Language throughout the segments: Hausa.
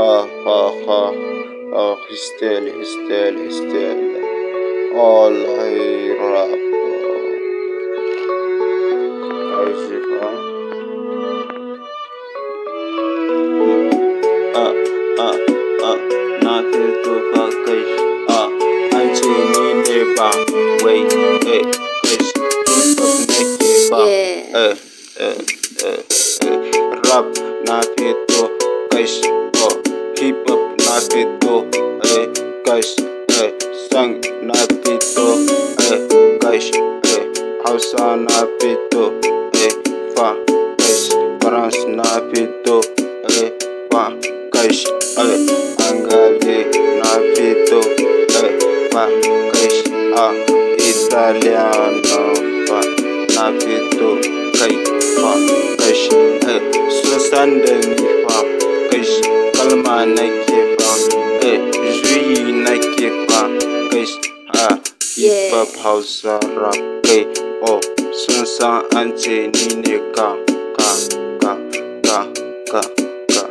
آه آه يستاهل يستاهل يستاهل الله يرب عجيبة آه آه آه nothing to focus آه أنت نينبا وي إيه كش نينبا إيه إيه إيه رب nothing to focus Keep up, napito eh guys eh sang napito eh guys eh hausa napito eh fa guys parans napito eh fa guys eh angali napito eh fa guys ah italiano fa napito kai fa guys eh sustandeni ba nake ba kai eh, juyi nake ba kai a hip hop hausa rap kai eh, oh sun san an ce ni ne ka ka ka ka ka ka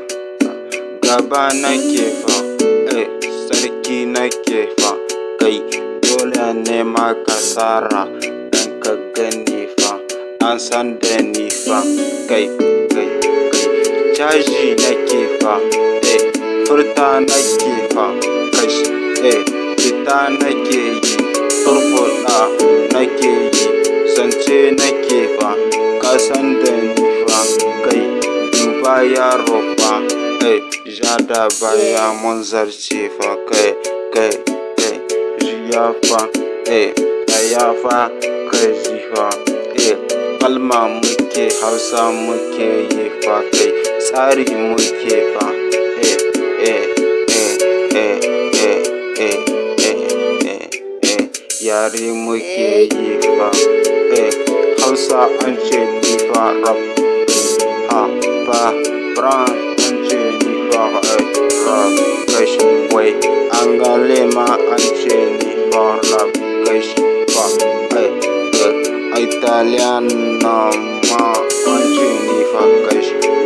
gaba nake fa eh sarki nake fa kai dole ne ma ka tsara dan fa an san da ni fa kai kai kai caji nake fa eh furta nake fa kashi eh fita nake yi furfuɗa nake yi zance nake fa kasan da ni fa kai duba yaro fa kai jada ba baya mun zarce fa kai kai kai jiya fa eh kaya fa kai fa eh kalma muke hausa muke yi fa kai tsari muke fa yari muke yi ba eh hausa an ce ni fa rap ha ba bran an ce ni fa rap kashin wai an ga lema an ce ni fa rap kashin ba eh eh italian na um, ma an ce ni fa kashin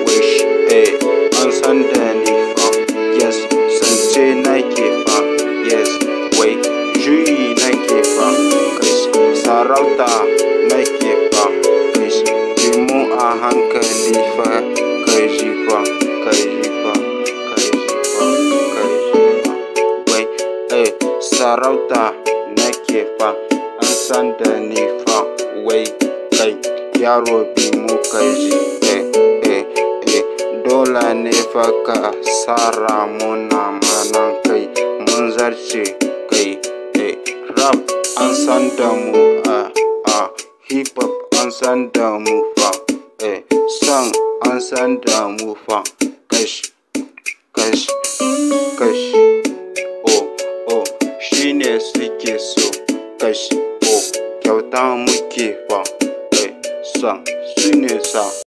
farauta ke fa bi mu a hankali fa kai ji fa kai ji fa kai ji fa kai ji fa wai eh sarauta ke fa an san da ni fa wai kai yaro bi mu kai ji eh eh eh dole ne fa ka sara muna manan kai mun zarce kai eh rap an san da mu hip hop an san da mu fa eh san an san da fa kash kash kash oh oh shine suke so kash oh kyauta muke fa eh san su ne sa